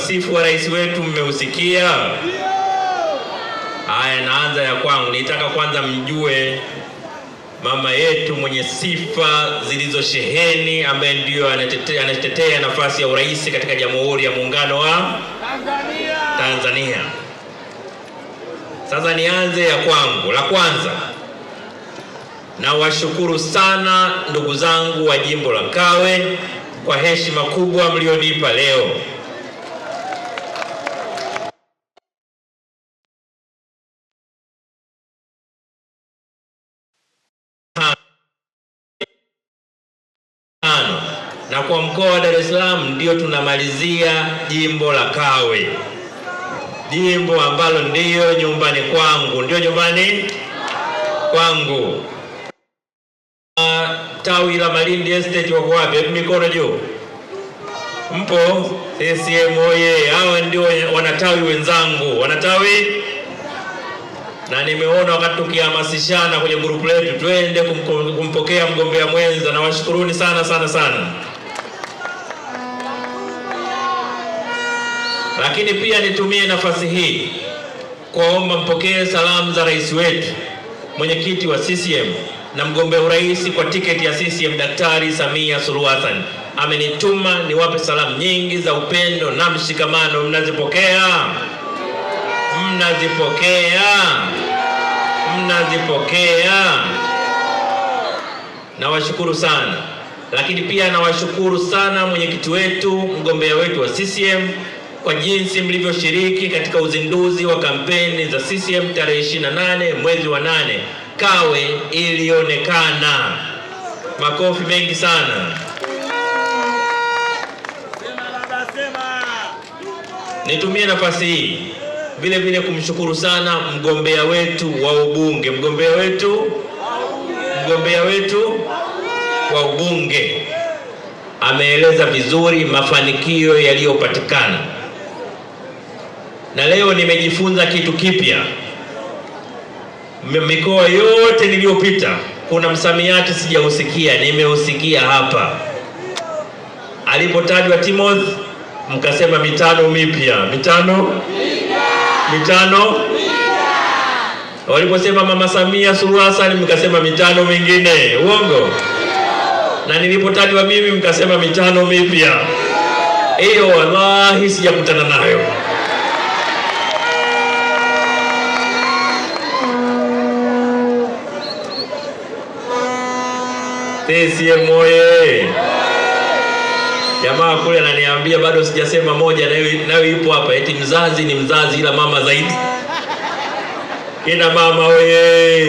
wasifu wa rais wetu mmeusikia? Haya, naanza ya kwangu. Nitaka kwanza mjue mama yetu mwenye sifa zilizosheheni ambaye ndiyo anatetea, anatetea nafasi ya urais katika Jamhuri ya Muungano wa Tanzania. Tanzania. Sasa nianze ya kwangu. La kwanza nawashukuru sana ndugu zangu wa jimbo la Kawe kwa heshima kubwa mlionipa leo. na kwa mkoa wa Dar es Salaam ndio tunamalizia jimbo la Kawe, jimbo ambalo ndiyo nyumbani kwangu, ndiyo nyumbani kwangu. Tawi la Malindi Estate wako wapi? mikono juu. Mpo? CCM oye! Hawa ndio wanatawi wenzangu, wanatawi na nimeona wakati tukihamasishana kwenye grupu letu twende kumpokea mgombea mwenza, na washukuruni sana sana sana. Lakini pia nitumie nafasi hii kuwaomba mpokee salamu za rais wetu, mwenyekiti wa CCM na mgombea urais kwa tiketi ya CCM Daktari Samia Suluhu Hassan. Amenituma niwape salamu nyingi za upendo na mshikamano. Mnazipokea? Mnazipokea? Mnazipokea? Nawashukuru sana, lakini pia nawashukuru sana mwenyekiti wetu, mgombea wetu wa CCM kwa jinsi mlivyoshiriki katika uzinduzi wa kampeni za CCM tarehe 28 mwezi wa 8. Kawe ilionekana. Makofi mengi sana. Nitumie nafasi hii vile vile kumshukuru sana mgombea wetu wa ubunge, mgombea wetu mgombea wetu wa ubunge ameeleza vizuri mafanikio yaliyopatikana na leo nimejifunza kitu kipya. Mikoa yote niliyopita kuna msamiati sijausikia, nimeusikia hapa. Alipotajwa Timoth, mkasema mitano mipya, mitano mitano. Waliposema mama Samia Suluhu Hassan, mkasema mitano mingine, uongo. Na nilipotajwa mimi, mkasema mitano mipya. Hiyo wallahi sijakutana nayo. CCM oye! Jamaa kule ananiambia bado sijasema moja, nayo ipo hapa, eti mzazi ni mzazi, ila mama zaidi. Kina mama oye!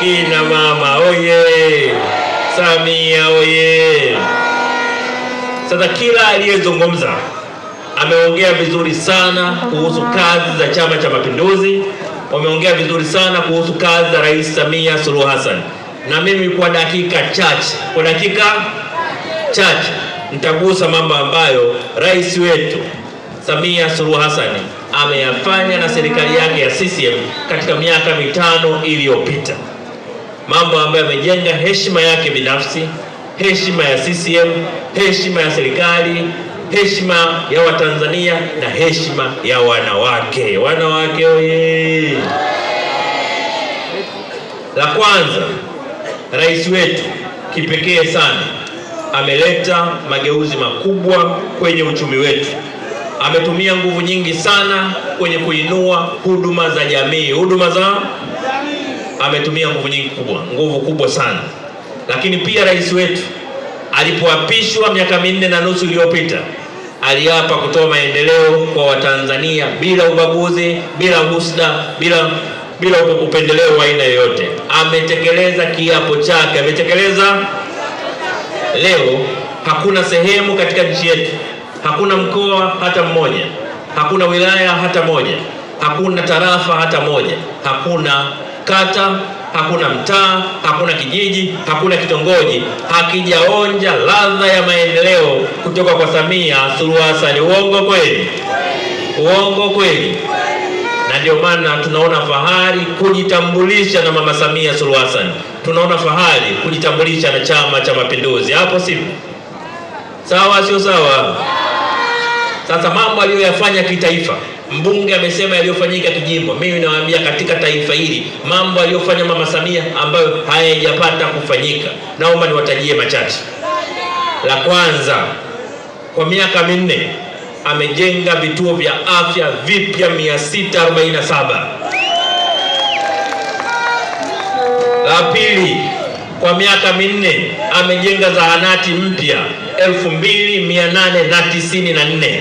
Kina mama oye! Samia oye! Sasa kila aliyezungumza ameongea vizuri sana kuhusu kazi za Chama cha Mapinduzi, wameongea vizuri sana kuhusu kazi za Rais Samia Suluhu Hassan na mimi kwa dakika chache, kwa dakika chache nitagusa mambo ambayo rais wetu Samia Suluhu Hassan ameyafanya na serikali yake ya CCM katika miaka mitano iliyopita, mambo ambayo amejenga heshima yake binafsi, heshima ya CCM, heshima ya serikali, heshima ya Watanzania na heshima ya wanawake. Wanawake oye! La kwanza Rais wetu kipekee sana ameleta mageuzi makubwa kwenye uchumi wetu. Ametumia nguvu nyingi sana kwenye kuinua huduma za jamii, huduma za ametumia nguvu nyingi kubwa, nguvu kubwa sana. Lakini pia rais wetu alipoapishwa miaka minne na nusu iliyopita aliapa kutoa maendeleo kwa Watanzania bila ubaguzi, bila husda, bila bila upendeleo wa aina yoyote. Ametekeleza kiapo chake, ametekeleza leo. Hakuna sehemu katika nchi yetu, hakuna mkoa hata mmoja, hakuna wilaya hata moja, hakuna tarafa hata moja, hakuna kata hakuna mtaa, hakuna kijiji, hakuna kitongoji hakijaonja ladha ya maendeleo kutoka kwa Samia Suluhu Hassan. Uongo kweli? Uongo kweli? ndio maana tunaona fahari kujitambulisha na Mama Samia Suluhu Hassan, tunaona fahari kujitambulisha na Chama cha Mapinduzi. Hapo si Sawa, sio sawa? Sasa mambo aliyoyafanya kitaifa, mbunge amesema yaliyofanyika kijimbo. Mimi nawaambia katika taifa hili mambo aliyofanya Mama Samia ambayo hayajapata kufanyika, naomba niwatajie machache. La kwanza, kwa miaka minne amejenga vituo vya afya vipya 647. La pili, kwa miaka minne amejenga zahanati mpya 2894.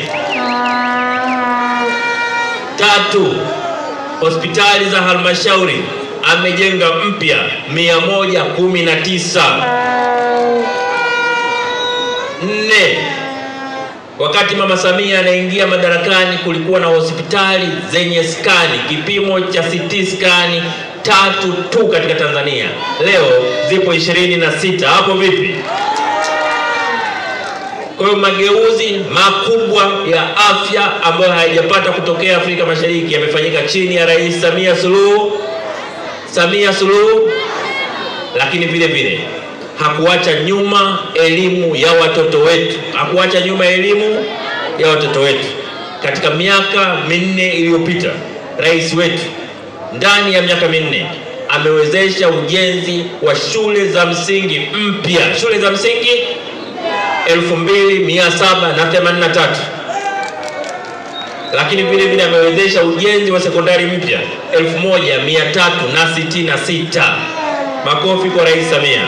Tatu, hospitali za halmashauri amejenga mpya 119. Nne, Wakati mama Samia anaingia madarakani, kulikuwa na hospitali zenye skani kipimo cha CT scan tatu tu katika Tanzania. Leo zipo ishirini na sita. Hapo vipi? Kwa hiyo mageuzi makubwa ya afya ambayo hayajapata kutokea Afrika Mashariki yamefanyika chini ya Rais Samia Suluhu Samia Suluhu, lakini vile vile hakuacha nyuma elimu ya watoto wetu, hakuacha nyuma elimu ya watoto wetu. Katika miaka minne iliyopita, rais wetu ndani ya miaka minne amewezesha ujenzi wa shule za msingi mpya, shule za msingi 2783 lakini vile vile amewezesha ujenzi wa sekondari mpya 1366. Makofi kwa Rais Samia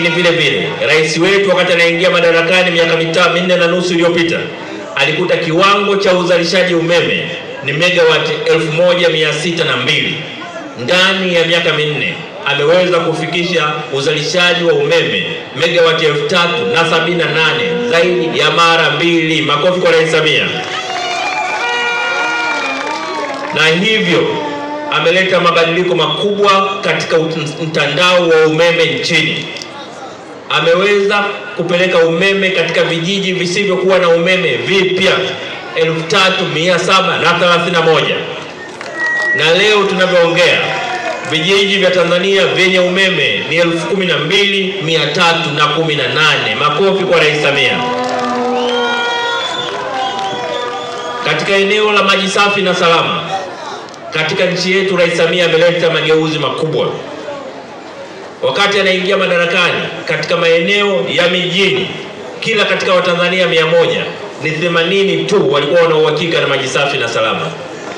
lakini vile vile rais wetu wakati anaingia madarakani miaka mitano minne na nusu iliyopita alikuta kiwango cha uzalishaji umeme ni megawati elfu moja mia sita na mbili. Ndani ya miaka minne ameweza kufikisha uzalishaji wa umeme megawati elfu tatu na sabini na nane zaidi ya mara mbili. Makofi kwa Rais Samia. Na hivyo ameleta mabadiliko makubwa katika mtandao wa umeme nchini ameweza kupeleka umeme katika vijiji visivyokuwa na umeme vipya 3731 na leo tunavyoongea vijiji vya Tanzania vyenye umeme ni 12318. Makofi kwa Rais Samia. Katika eneo la maji safi na salama katika nchi yetu, Rais Samia ameleta mageuzi makubwa wakati anaingia madarakani katika maeneo ya mijini, kila katika Watanzania mia moja ni themanini tu walikuwa wana uhakika na maji safi na salama.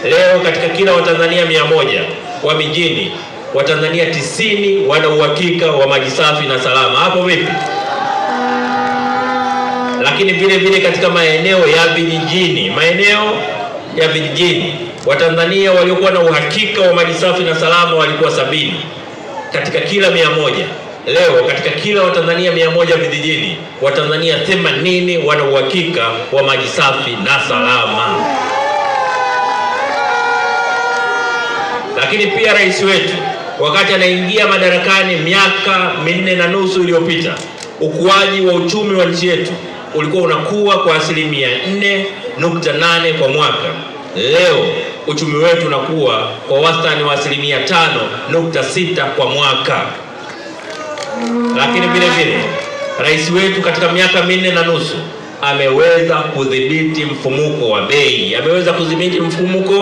Leo katika kila Watanzania mia moja wa mijini, Watanzania tisini wana uhakika wa maji safi na salama. Hapo vipi? Lakini vile vile katika maeneo ya vijijini, maeneo ya vijijini Watanzania waliokuwa na uhakika wa maji safi na salama walikuwa sabini katika kila mia moja leo katika kila Watanzania mia moja vijijini, Watanzania themanini wana uhakika wa maji safi na salama. Lakini pia rais wetu wakati anaingia madarakani miaka minne na nusu iliyopita, ukuaji wa uchumi wa nchi yetu ulikuwa unakuwa kwa asilimia 4.8 kwa mwaka. Leo uchumi wetu unakuwa kwa wastani wa asilimia tano nukta sita kwa mwaka. Lakini vile vile rais wetu katika miaka minne na nusu ameweza kudhibiti mfumuko wa bei, ameweza kudhibiti mfumuko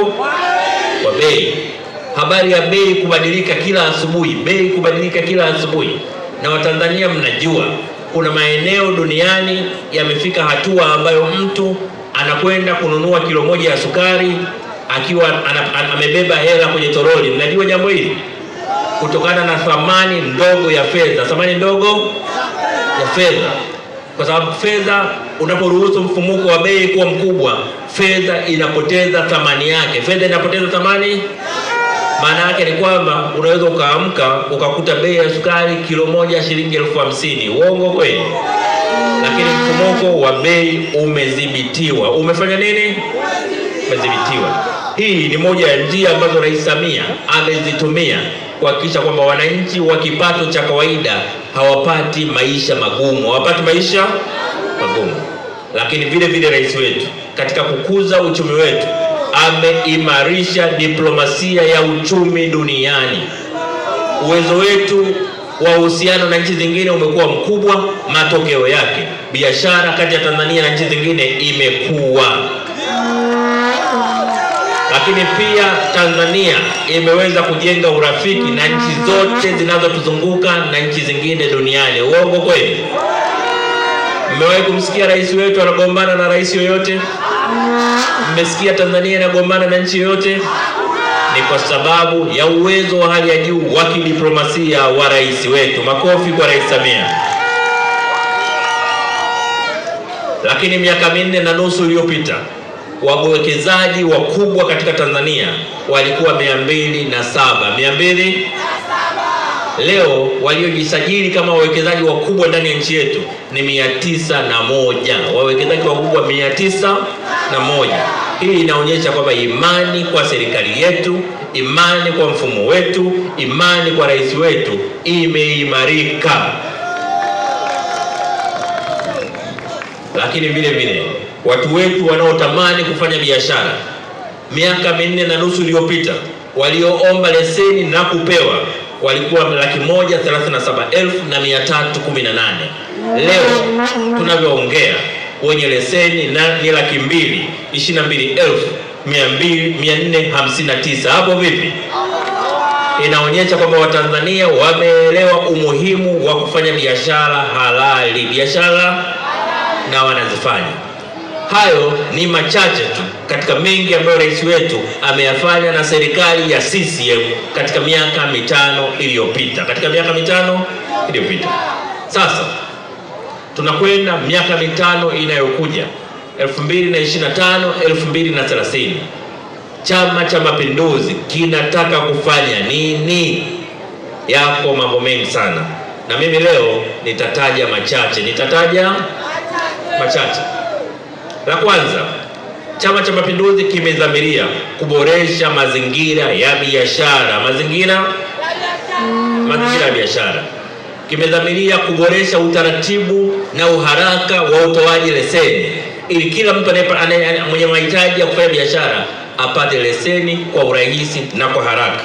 wa bei. Habari ya bei kubadilika kila asubuhi, bei kubadilika kila asubuhi, na Watanzania mnajua kuna maeneo duniani yamefika hatua ambayo mtu anakwenda kununua kilo moja ya sukari akiwa amebeba hela kwenye toroli. Mnajua jambo hili kutokana na thamani ndogo ya fedha, thamani ndogo ya fedha, kwa sababu fedha, unaporuhusu mfumuko wa bei kuwa mkubwa, fedha inapoteza thamani yake. Fedha inapoteza thamani, maana yake ni kwamba unaweza ukaamka ukakuta bei ya sukari kilo moja shilingi elfu hamsini. Uongo kweli? Lakini mfumuko wa bei umedhibitiwa. Umefanya nini? Umedhibitiwa. Hii ni moja ya njia ambazo Rais Samia amezitumia kuhakikisha kwamba wananchi wa kipato cha kawaida hawapati maisha magumu, hawapati maisha magumu. Lakini vile vile rais wetu katika kukuza uchumi wetu ameimarisha diplomasia ya uchumi duniani. Uwezo wetu wa uhusiano na nchi zingine umekuwa mkubwa. Matokeo yake biashara kati ya Tanzania na nchi zingine imekuwa lakini pia Tanzania imeweza kujenga urafiki na nchi zote zinazotuzunguka na nchi zingine duniani. Uongo kweli? Mmewahi kumsikia rais wetu anagombana na rais yoyote? Mmesikia Tanzania inagombana na nchi yoyote? Ni kwa sababu ya uwezo wa hali ya juu wa kidiplomasia wa rais wetu. Makofi kwa Rais Samia. Lakini miaka minne na nusu iliyopita wawekezaji wakubwa katika Tanzania walikuwa mia mbili na saba mia mbili leo waliojisajili kama wawekezaji wakubwa ndani ya nchi yetu ni mia tisa na moja wawekezaji wakubwa mia tisa na moja Hii inaonyesha kwamba imani kwa serikali yetu, imani kwa mfumo wetu, imani kwa rais wetu imeimarika. Lakini vile vile watu wetu wanaotamani kufanya biashara miaka minne na nusu iliyopita walioomba leseni na kupewa walikuwa laki moja thelathini na saba elfu na mia tatu kumi na nane. Leo tunavyoongea wenye leseni na ni laki mbili ishirini na mbili elfu mia nne hamsini na tisa. Hapo vipi? Inaonyesha kwamba Watanzania wameelewa umuhimu wa kufanya biashara halali, biashara na wanazifanya. Hayo ni machache tu katika mengi ambayo rais wetu ameyafanya na serikali ya CCM katika miaka mitano iliyopita, katika miaka mitano iliyopita. Sasa tunakwenda miaka mitano inayokuja 2025 2030, Chama cha Mapinduzi kinataka kufanya nini? Yako mambo mengi sana, na mimi leo nitataja machache, nitataja machache. La kwanza, Chama cha Mapinduzi kimedhamiria kuboresha mazingira ya biashara, mazingira mazingira ya biashara. Kimedhamiria kuboresha utaratibu na uharaka wa utoaji leseni ili kila mtu mwenye mahitaji ya kufanya biashara apate leseni kwa urahisi na kwa haraka.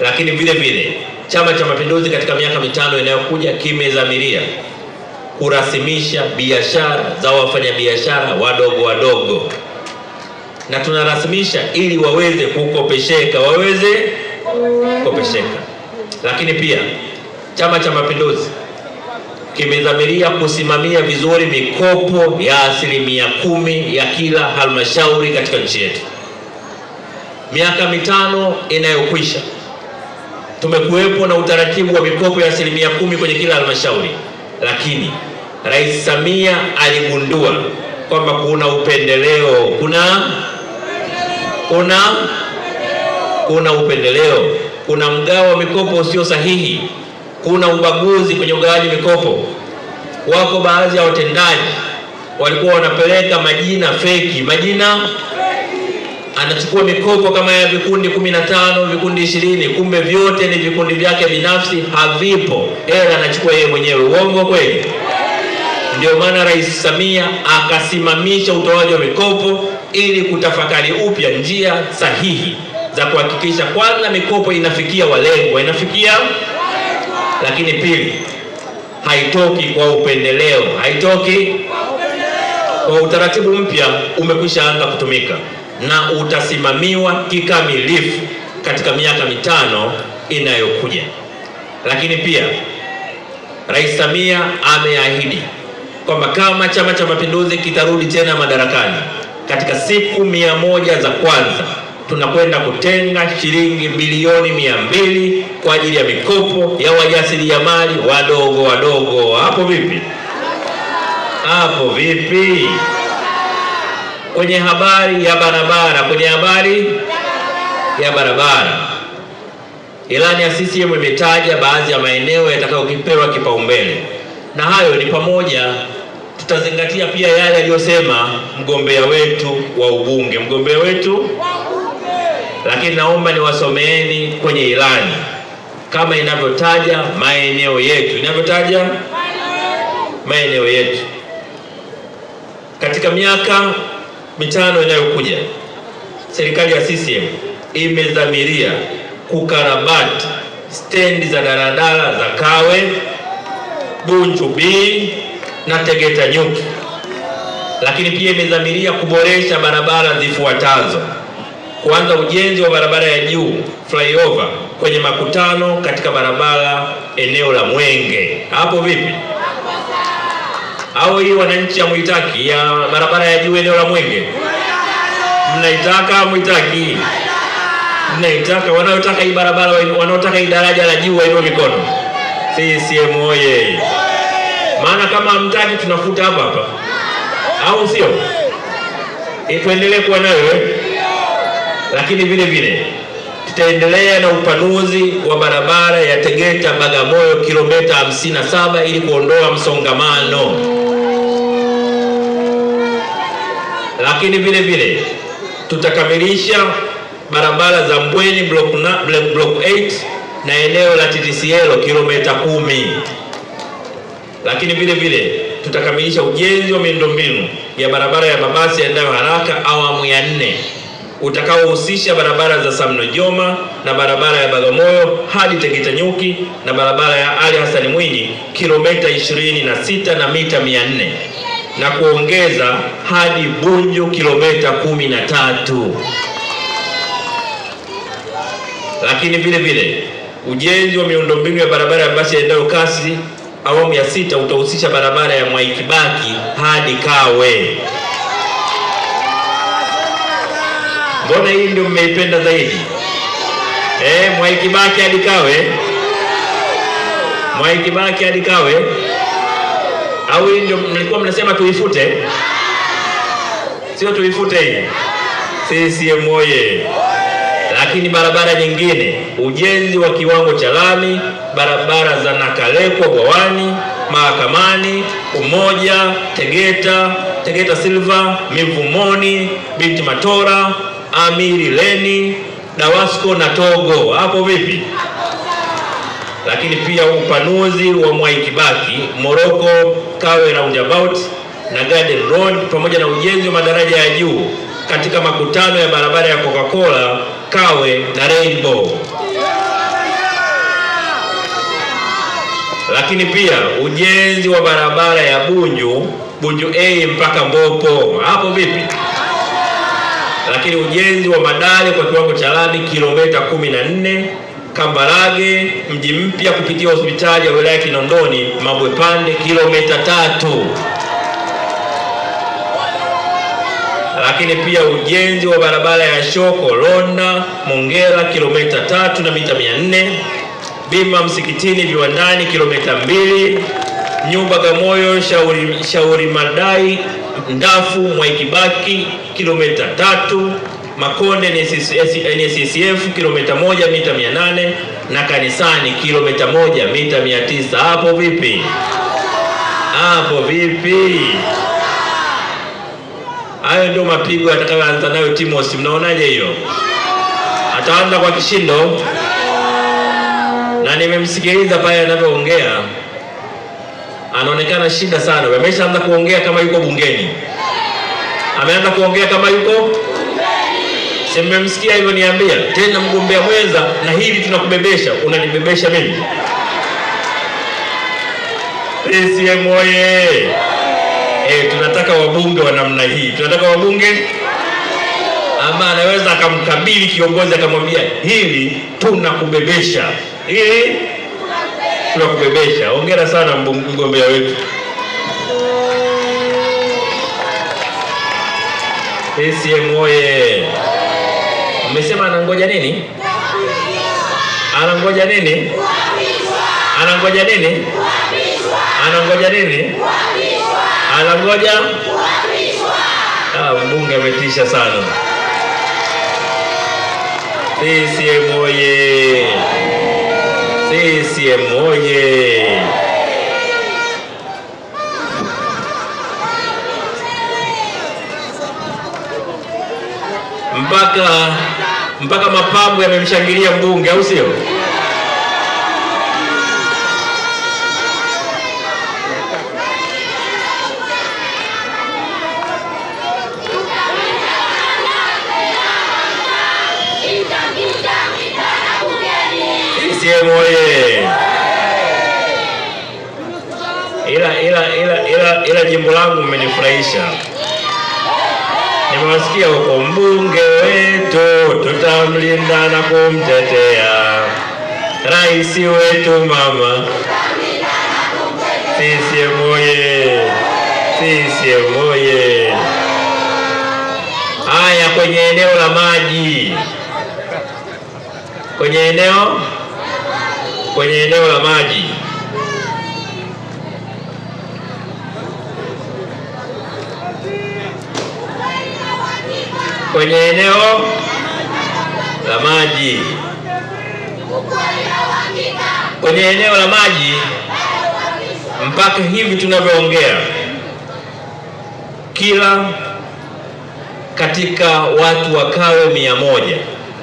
Lakini vile vile Chama cha Mapinduzi katika miaka mitano inayokuja kimedhamiria kurasimisha biashara za wafanyabiashara wadogo wadogo, na tunarasimisha ili waweze kukopesheka, waweze kukopesheka. Lakini pia Chama cha Mapinduzi kimedhamiria kusimamia vizuri mikopo ya asilimia kumi ya kila halmashauri katika nchi yetu. Miaka mitano inayokwisha tumekuwepo na utaratibu wa mikopo ya asilimia kumi kwenye kila halmashauri, lakini Rais Samia aligundua kwamba kuna upendeleo, kuna kuna kuna upendeleo, kuna mgao wa mikopo usio sahihi, kuna ubaguzi kwenye ugawaji mikopo. Wako baadhi ya watendaji walikuwa wanapeleka majina feki, majina anachukua mikopo kama ya vikundi kumi na tano vikundi ishirini kumbe vyote ni vikundi vyake binafsi, havipo, hela anachukua yeye mwenyewe. Uongo kweli? Ndio maana Rais Samia akasimamisha utoaji wa mikopo ili kutafakari upya njia sahihi za kuhakikisha kwanza mikopo inafikia walengwa, inafikia lakini pili, haitoki kwa upendeleo, haitoki kwa utaratibu mpya umekwisha anza kutumika na utasimamiwa kikamilifu katika miaka mitano inayokuja. Lakini pia Rais Samia ameahidi kwamba kama Chama cha Mapinduzi kitarudi tena madarakani katika siku mia moja za kwanza tunakwenda kutenga shilingi bilioni mia mbili kwa ajili ya mikopo ya wajasiriamali wadogo wadogo. Hapo vipi? Hapo vipi? Kwenye habari ya barabara, kwenye habari ya barabara, ilani ya CCM imetaja baadhi ya maeneo yatakayopewa kipaumbele, na hayo ni pamoja tutazingatia pia yale aliyosema mgombea wetu wa ubunge, mgombea wetu. Lakini naomba niwasomeeni kwenye ilani kama inavyotaja maeneo yetu, inavyotaja maeneo yetu katika miaka mitano inayokuja, serikali ya CCM imedhamiria kukarabati stendi za daladala za Kawe, Bunju B na Tegeta Nyuki, lakini pia imedhamiria kuboresha barabara zifuatazo: kuanza ujenzi wa barabara ya juu flyover kwenye makutano katika barabara eneo la Mwenge. Hapo vipi? Au hii wananchi hamuitaki ya barabara ya juu eneo la Mwenge? Mnaitaka? Muitaki? Mnaitaka? Wanaotaka hii barabara, wanaotaka hii daraja la juu wainue mikono. CCM oye! maana kama hamtaki tunafuta hapa hapa, au sio? E, tuendelee kuwa nayo, eh? lakini vile vile tutaendelea na upanuzi wa barabara ya Tegeta Bagamoyo kilomita 57 ili kuondoa msongamano, lakini vile vile tutakamilisha barabara za Mbweni block 8 na eneo la TTCL kilomita kumi lakini vile vile tutakamilisha ujenzi wa miundombinu ya barabara ya mabasi yaendayo haraka awamu ya nne utakaohusisha barabara za Sam Nujoma na barabara ya Bagamoyo hadi Tegeta Nyuki na barabara ya Ali Hassan Mwinyi kilomita 26 na na mita 400 na kuongeza hadi Bunju kilomita 13. Lakini vile vile ujenzi wa miundombinu ya barabara ya basi yaendayo kasi awamu ya sita utahusisha barabara ya Mwaikibaki hadi Kawe. Mbona hii ndio mmeipenda zaidi eh? Mwaikibaki hadi Kawe, Mwaikibaki hadi Kawe, au hii ndio mlikuwa mnasema tuifute? Sio, tuifute hii. CCM oye! Lakini barabara nyingine, ujenzi wa kiwango cha lami, barabara za Nakalekwa Bwawani, Mahakamani, Umoja, Tegeta, Tegeta Silva, Mivumoni, Binti Matora, Amiri Leni, Dawasco na Togo. Hapo vipi? Lakini pia upanuzi wa Mwai Kibaki, Moroko, Kawe Roundabout na Garden Road pamoja na ujenzi wa madaraja ya juu katika makutano ya barabara ya Coca-Cola Kawe na Rainbow, lakini pia ujenzi wa barabara ya Bunju Bunju A mpaka Mbopo, hapo vipi? Lakini ujenzi wa madale kwa kiwango cha lami kilomita 14 Kambarage mji mpya kupitia hospitali ya wilaya Kinondoni Mabwepande kilomita tatu. lakini pia ujenzi wa barabara ya Shoko Londa Mongera kilomita tatu na mita mia nne bima msikitini viwandani kilomita mbili nyumba Gamoyo shauri, shauri madai Ndafu Mwaikibaki kilomita tatu Makonde NSCF kilomita moja mita mia nane na kanisani kilomita moja mita mia tisa Hapo vipi? Hapo vipi? Hayo ndio mapigo atakayoanza nayo Timothy. Mnaonaje hiyo? Ataanza kwa kishindo, na nimemsikiliza pale anavyoongea, anaonekana shida sana. Ameshaanza kuongea kama yuko bungeni, ameanza kuongea kama yuko Mmemsikia hivyo? Niambia tena, mgombea mwenza, na hili tunakubebesha. Unanibebesha mimi? CCM oye! eh, tunataka wabunge wa namna hii, tunataka wabunge ambaye anaweza akamkabili kiongozi akamwambia, hili tunakubebesha, hili tunakubebesha. Hongera sana mgombea wetu. CCM oye! Amesema anangoja nini? Anangoja nini? Anangoja nini? Anangoja nini? anangoja ah, mbunge ametisha sana. CCM oye! CCM oye! Mpaka mpaka mapambo yamemshangilia mbunge, au sio? yetu mama Sisi oye! Sisi oye! Haya, kwenye eneo la maji, kwenye eneo kwenye eneo la maji kwenye eneo la maji kwenye eneo la maji mpaka hivi tunavyoongea, kila katika watu wakawe mia moja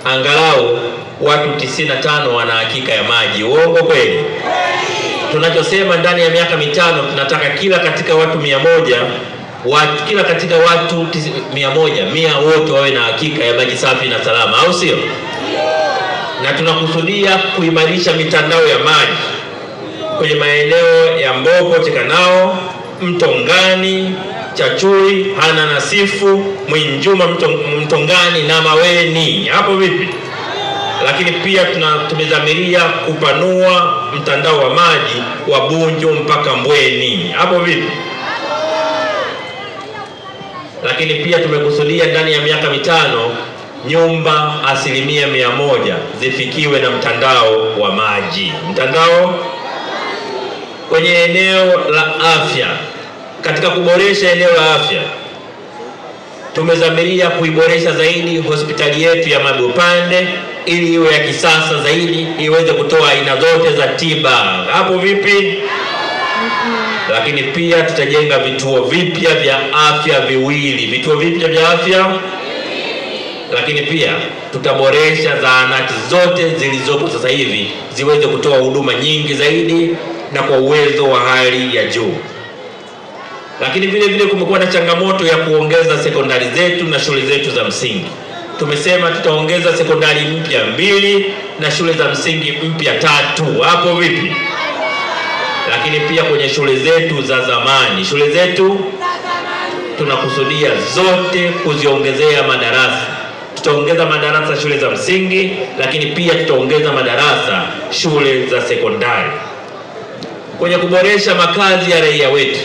angalau watu 95 wana hakika ya maji. Uongo kweli? Tunachosema ndani ya miaka mitano tunataka kila katika watu mia moja watu, kila katika watu mia moja mia wote wawe na hakika ya maji safi na salama, au sio? na tunakusudia kuimarisha mitandao ya maji kwenye maeneo ya Mbogo, Tikanao, Mtongani, Chachui, Hana Nasifu, Mwinjuma, Mtongani na Maweni. Hapo vipi? Lakini pia tumedhamiria kupanua mtandao wa maji wa Bunju mpaka Mbweni. Hapo vipi? Lakini pia tumekusudia ndani ya miaka mitano nyumba asilimia mia moja zifikiwe na mtandao wa maji. Mtandao kwenye eneo la afya, katika kuboresha eneo la afya tumezamiria kuiboresha zaidi hospitali yetu ya Mabupande ili iwe ya kisasa zaidi, iweze kutoa aina zote za tiba. Hapo vipi? Lakini pia tutajenga vituo vipya vya afya viwili, vituo vipya vya afya lakini pia tutaboresha zahanati zote zilizopo sasa hivi ziweze kutoa huduma nyingi zaidi na kwa uwezo wa hali ya juu. Lakini vile vile kumekuwa na changamoto ya kuongeza sekondari zetu na shule zetu za msingi. Tumesema tutaongeza sekondari mpya mbili na shule za msingi mpya tatu. Hapo vipi? Lakini pia kwenye shule zetu za zamani, shule zetu tunakusudia zote kuziongezea madarasa tutaongeza madarasa shule za msingi, lakini pia tutaongeza madarasa shule za sekondari. Kwenye kuboresha makazi ya raia wetu,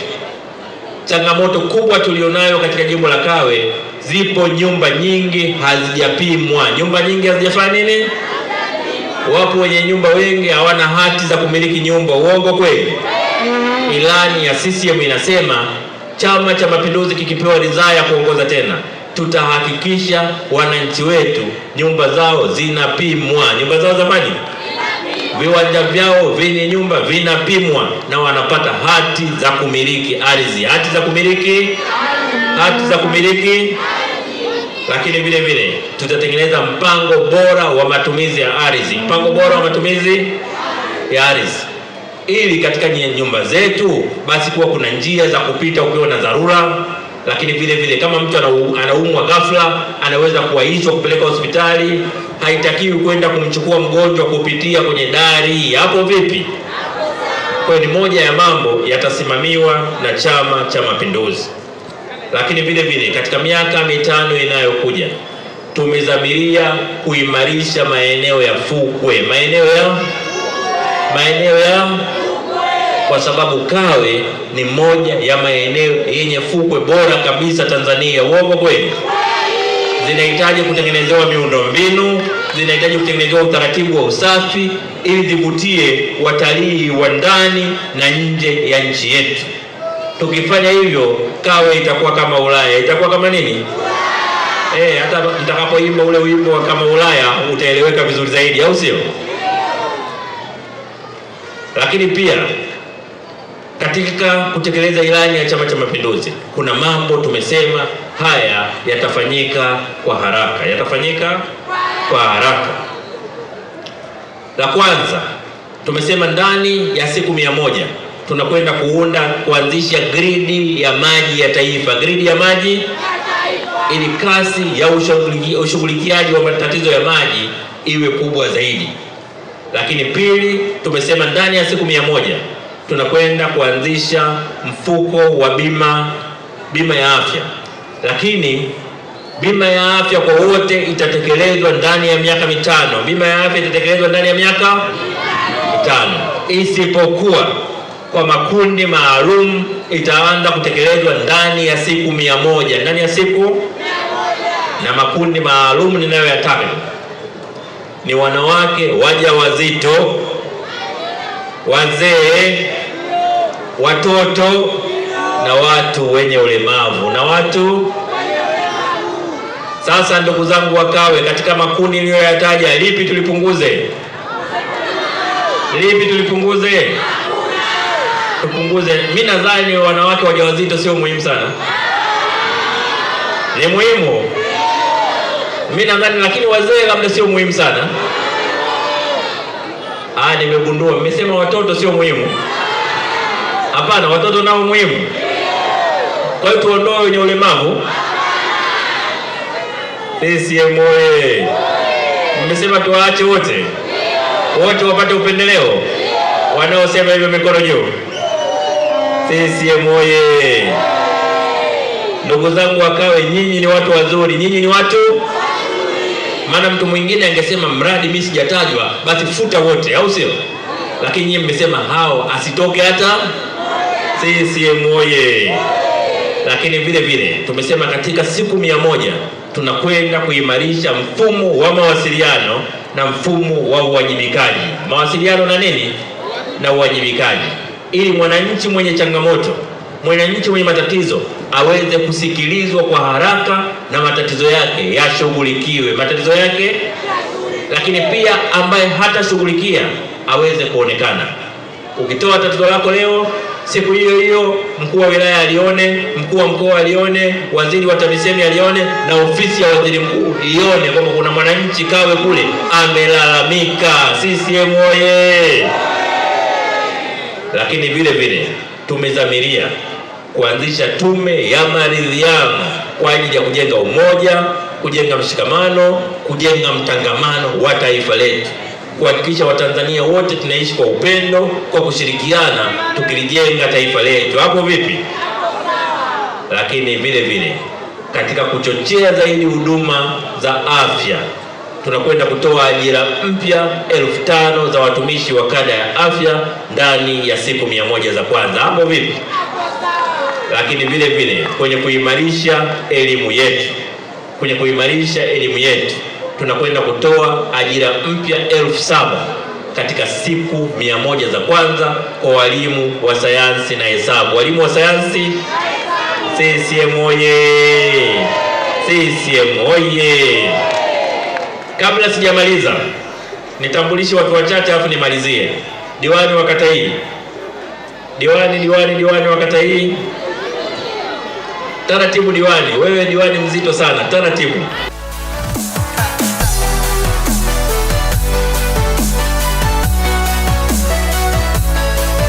changamoto kubwa tulionayo katika jimbo la Kawe, zipo nyumba nyingi hazijapimwa, nyumba nyingi hazijafanya nini. Wapo wenye nyumba wengi hawana hati za kumiliki nyumba. Uongo kweli? Ilani ya CCM inasema Chama cha Mapinduzi kikipewa ridhaa ya kuongoza tena tutahakikisha wananchi wetu nyumba zao zinapimwa, nyumba zao zamani, viwanja vyao vyenye nyumba vinapimwa na wanapata hati za kumiliki ardhi, hati za kumiliki, hati za kumiliki. Lakini vile vile tutatengeneza mpango bora wa matumizi ya ardhi, mpango bora wa matumizi ya ardhi ili katika nyumba zetu basi kuwa kuna njia za kupita ukiwa na dharura lakini vile vile kama mtu anaumwa ghafla, anaweza kuahishwa kupeleka hospitali. Haitakiwi kwenda kumchukua mgonjwa kupitia kwenye dari. Hapo vipi? Kwa ni moja ya mambo yatasimamiwa na Chama cha Mapinduzi. Lakini vile vile katika miaka mitano inayokuja tumezamiria kuimarisha maeneo ya fukwe, maeneo ya maeneo ya kwa sababu Kawe ni moja ya maeneo yenye fukwe bora kabisa Tanzania. Uongo kweli? Zinahitaji kutengenezewa miundombinu, zinahitaji kutengenezewa utaratibu wa usafi ili zivutie watalii wa ndani na nje ya nchi yetu. Tukifanya hivyo, Kawe itakuwa kama Ulaya, itakuwa kama nini? Eh, hata mtakapoimba ule wimbo wa kama Ulaya utaeleweka vizuri zaidi, au sio? Lakini pia katika kutekeleza ilani ya Chama cha Mapinduzi kuna mambo tumesema haya yatafanyika kwa haraka, yatafanyika kwa haraka. La kwanza tumesema ndani ya siku mia moja tunakwenda kuunda kuanzisha gridi ya maji ya taifa, gridi ya maji ili kasi ya ushughulikiaji wa matatizo ya maji iwe kubwa zaidi. Lakini pili, tumesema ndani ya siku mia moja tunakwenda kuanzisha mfuko wa bima bima ya afya, lakini bima ya afya kwa wote itatekelezwa ndani ya miaka mitano. Bima ya afya itatekelezwa ndani ya miaka mitano, isipokuwa kwa makundi maalum itaanza kutekelezwa ndani ya siku mia moja ndani ya siku na makundi maalum ninayoyataka ni wanawake wajawazito, wazee watoto na watu wenye ulemavu na watu. Sasa ndugu zangu wakawe, katika makundi niliyoyataja, lipi tulipunguze? Lipi tulipunguze? Tupunguze. Mimi nadhani wanawake wajawazito sio muhimu sana, ni muhimu mimi nadhani, lakini wazee labda sio muhimu sana. Ah, nimegundua mmesema watoto sio muhimu. Hapana, watoto nao muhimu. Kwa hiyo tuondoe wenye ulemavu. CCM oye! Mmesema tuwaache wote wote wapate upendeleo. Wanaosema hivyo mikono juu. CCM oye! Ndugu zangu wakawe, nyinyi ni watu wazuri, nyinyi ni watu maana mtu mwingine angesema mradi mimi sijatajwa basi futa wote, au sio? Lakini nyinyi mmesema hao asitoke hata CCM oye! Lakini vile vile tumesema katika siku mia moja tunakwenda kuimarisha mfumo wa mawasiliano na mfumo wa uwajibikaji. Mawasiliano na nini? Na uwajibikaji, ili mwananchi mwenye changamoto, mwananchi mwenye matatizo aweze kusikilizwa kwa haraka na matatizo yake yashughulikiwe, matatizo yake, lakini pia ambaye hatashughulikia aweze kuonekana. Ukitoa tatizo lako leo siku hiyo hiyo mkuu wa wilaya alione, mkuu wa mkoa alione, waziri wa TAMISEMI alione, na ofisi ya waziri mkuu ione kwamba kuna mwananchi Kawe kule amelalamika. CCM oye! Lakini vile vile tumezamiria kuanzisha tume ya maridhiano kwa ajili ya kujenga umoja, kujenga mshikamano, kujenga mtangamano wa taifa letu kuhakikisha Watanzania wote tunaishi kwa upendo, kwa kushirikiana, tukilijenga taifa letu. Hapo vipi? Lakini vile vile katika kuchochea zaidi huduma za afya tunakwenda kutoa ajira mpya elfu tano za watumishi wa kada ya afya ndani ya siku mia moja za kwanza. Hapo vipi? Lakini vile vile kwenye kuimarisha elimu yetu, kwenye kuimarisha elimu yetu tunakwenda kutoa ajira mpya elfu saba katika siku mia moja za kwanza kwa walimu wa sayansi na hesabu. Walimu wa sayansi CCM oye! CCM oye! Kabla sijamaliza, nitambulishe watu wachache alafu nimalizie. Diwani wa kata hii, diwani diwani diwani wa kata hii, taratibu diwani. Wewe diwani mzito sana, taratibu.